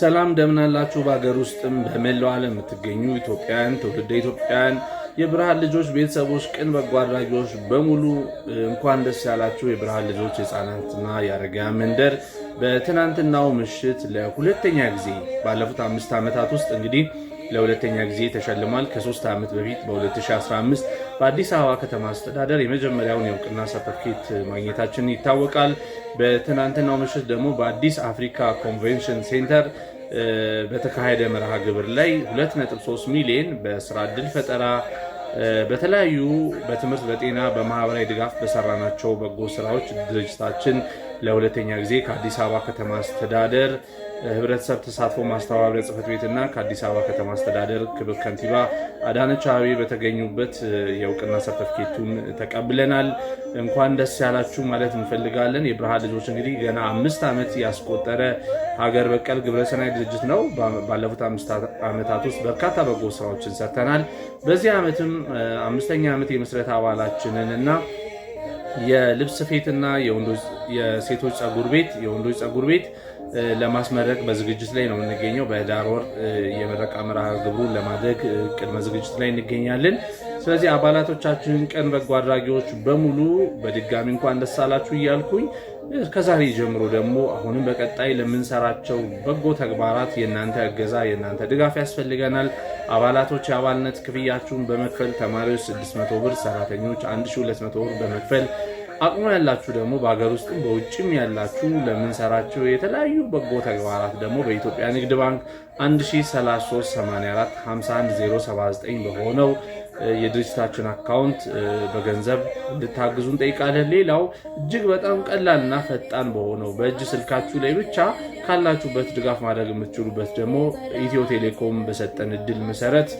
ሰላም እንደምናላችሁ በሀገር ውስጥም በመላው ዓለም የምትገኙ ኢትዮጵያውያን፣ ትውልደ ኢትዮጵያውያን፣ የብርሃን ልጆች ቤተሰቦች፣ ቅን በጎ አድራጊዎች በሙሉ እንኳን ደስ ያላችሁ። የብርሃን ልጆች የህፃናትና የአረጋውያን መንደር በትናንትናው ምሽት ለሁለተኛ ጊዜ ባለፉት አምስት ዓመታት ውስጥ እንግዲህ ለሁለተኛ ጊዜ ተሸልሟል። ከሶስት ዓመት በፊት በ2015 በአዲስ አበባ ከተማ አስተዳደር የመጀመሪያውን የእውቅና ሰርተፍኬት ማግኘታችን ይታወቃል። በትናንትናው ምሽት ደግሞ በአዲስ አፍሪካ ኮንቬንሽን ሴንተር በተካሄደ መርሃ ግብር ላይ 2.3 ሚሊዮን በስራ እድል ፈጠራ በተለያዩ በትምህርት፣ በጤና፣ በማህበራዊ ድጋፍ በሰራናቸው በጎ ስራዎች ድርጅታችን ለሁለተኛ ጊዜ ከአዲስ አበባ ከተማ አስተዳደር ህብረተሰብ ተሳትፎ ማስተባበሪያ ጽሕፈት ቤትና ከአዲስ አበባ ከተማ አስተዳደር ክብር ከንቲባ አዳነች አቤቤ በተገኙበት የእውቅና ሰርተፍኬቱን ተቀብለናል። እንኳን ደስ ያላችሁ ማለት እንፈልጋለን። የብርሃን ልጆች እንግዲህ ገና አምስት ዓመት ያስቆጠረ ሀገር በቀል ግብረሰናይ ድርጅት ነው። ባለፉት አምስት ዓመታት ውስጥ በርካታ በጎ ስራዎችን ሰርተናል። በዚህ ዓመትም አምስተኛ ዓመት የምስረት አባላችንን እና የልብስ ስፌትና የሴቶች ፀጉር ቤት፣ የወንዶች ፀጉር ቤት ለማስመረቅ በዝግጅት ላይ ነው የምንገኘው። በህዳር ወር የምረቃ መርሃ ግብሩን ለማድረግ ቅድመ ዝግጅት ላይ እንገኛለን። ስለዚህ አባላቶቻችን፣ ቀን በጎ አድራጊዎች በሙሉ በድጋሚ እንኳን ደስ አላችሁ እያልኩኝ ከዛሬ ጀምሮ ደግሞ አሁንም በቀጣይ ለምንሰራቸው በጎ ተግባራት የእናንተ እገዛ፣ የእናንተ ድጋፍ ያስፈልገናል። አባላቶች የአባልነት ክፍያችሁን በመክፈል ተማሪዎች 600 ብር፣ ሰራተኞች 1200 ብር በመክፈል አቅሙ ያላችሁ ደግሞ በሀገር ውስጥም በውጭም ያላችሁ ለምንሰራቸው የተለያዩ በጎ ተግባራት ደግሞ በኢትዮጵያ ንግድ ባንክ 10338451079 በሆነው የድርጅታችን አካውንት በገንዘብ እንድታግዙ እንጠይቃለን። ሌላው እጅግ በጣም ቀላልና ፈጣን በሆነው በእጅ ስልካችሁ ላይ ብቻ ካላችሁበት ድጋፍ ማድረግ የምትችሉበት ደግሞ ኢትዮ ቴሌኮም በሰጠን እድል መሰረት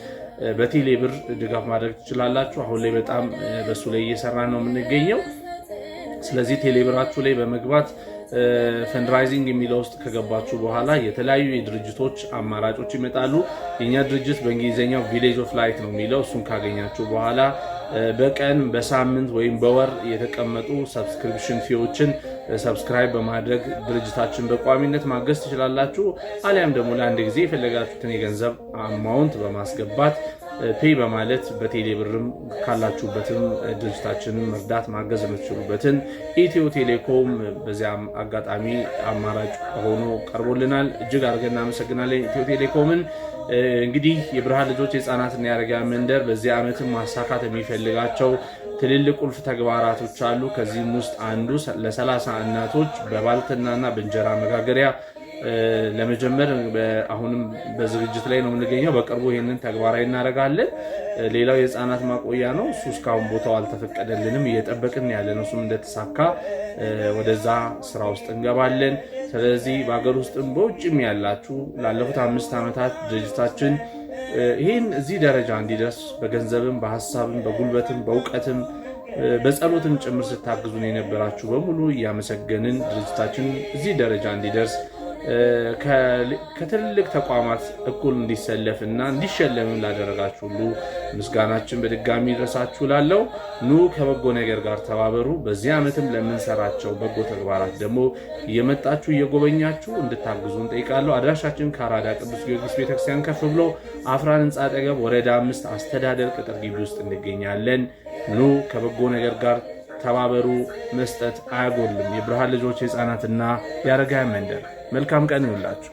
በቴሌ ብር ድጋፍ ማድረግ ትችላላችሁ። አሁን ላይ በጣም በሱ ላይ እየሰራ ነው የምንገኘው። ስለዚህ ቴሌብራችሁ ላይ በመግባት ፈንድራይዚንግ የሚለው ውስጥ ከገባችሁ በኋላ የተለያዩ የድርጅቶች አማራጮች ይመጣሉ። የኛ ድርጅት በእንግሊዝኛው ቪሌጅ ኦፍ ላይት ነው የሚለው። እሱን ካገኛችሁ በኋላ በቀን በሳምንት ወይም በወር የተቀመጡ ሰብስክሪፕሽን ፊዎችን ሰብስክራይብ በማድረግ ድርጅታችን በቋሚነት ማገዝ ትችላላችሁ። አሊያም ደግሞ ለአንድ ጊዜ የፈለጋችሁትን የገንዘብ አማውንት በማስገባት ፔይ በማለት በቴሌብርም ካላችሁበትም ድርጅታችንን መርዳት ማገዝ የምትችሉበትን ኢትዮ ቴሌኮም በዚያም አጋጣሚ አማራጭ ሆኖ ቀርቦልናል። እጅግ አድርገን እናመሰግናለን ኢትዮ ቴሌኮምን። እንግዲህ የብርሃን ልጆች የህፃናትና የአረጋ መንደር በዚህ ዓመትም ማሳካት የሚፈልጋቸው ትልልቅ ቁልፍ ተግባራቶች አሉ። ከዚህም ውስጥ አንዱ ለሰላሳ እናቶች በባልትናና በእንጀራ መጋገሪያ ለመጀመር አሁንም በዝግጅት ላይ ነው የምንገኘው። በቅርቡ ይህንን ተግባራዊ እናደርጋለን። ሌላው የህፃናት ማቆያ ነው። እሱ እስካሁን ቦታው አልተፈቀደልንም፣ እየጠበቅን ያለ ነው። እሱም እንደተሳካ ወደዛ ስራ ውስጥ እንገባለን። ስለዚህ በሀገር ውስጥም በውጭም ያላችሁ ላለፉት አምስት ዓመታት ድርጅታችን ይህን እዚህ ደረጃ እንዲደርስ በገንዘብም በሀሳብም በጉልበትም በእውቀትም በጸሎትም ጭምር ስታግዙን የነበራችሁ በሙሉ እያመሰገንን ድርጅታችን እዚህ ደረጃ እንዲደርስ ከትልልቅ ተቋማት እኩል እንዲሰለፍና እንዲሸለምም ላደረጋችሁ ሁሉ ምስጋናችን በድጋሚ ይድረሳችሁ። ላለው ኑ ከበጎ ነገር ጋር ተባበሩ። በዚህ ዓመትም ለምንሰራቸው በጎ ተግባራት ደግሞ እየመጣችሁ እየጎበኛችሁ እንድታግዙ እንጠይቃለሁ። አድራሻችን ከአራዳ ቅዱስ ጊዮርጊስ ቤተክርስቲያን ከፍ ብሎ አፍራን ህንፃ አጠገብ ወረዳ አምስት አስተዳደር ቅጥር ግቢ ውስጥ እንገኛለን። ኑ ከበጎ ነገር ጋር ተባበሩ። መስጠት አያጎልም። የብርሃን ልጆች የህፃናትና የአረጋውያን መንደር መልካም ቀን ይሁላችሁ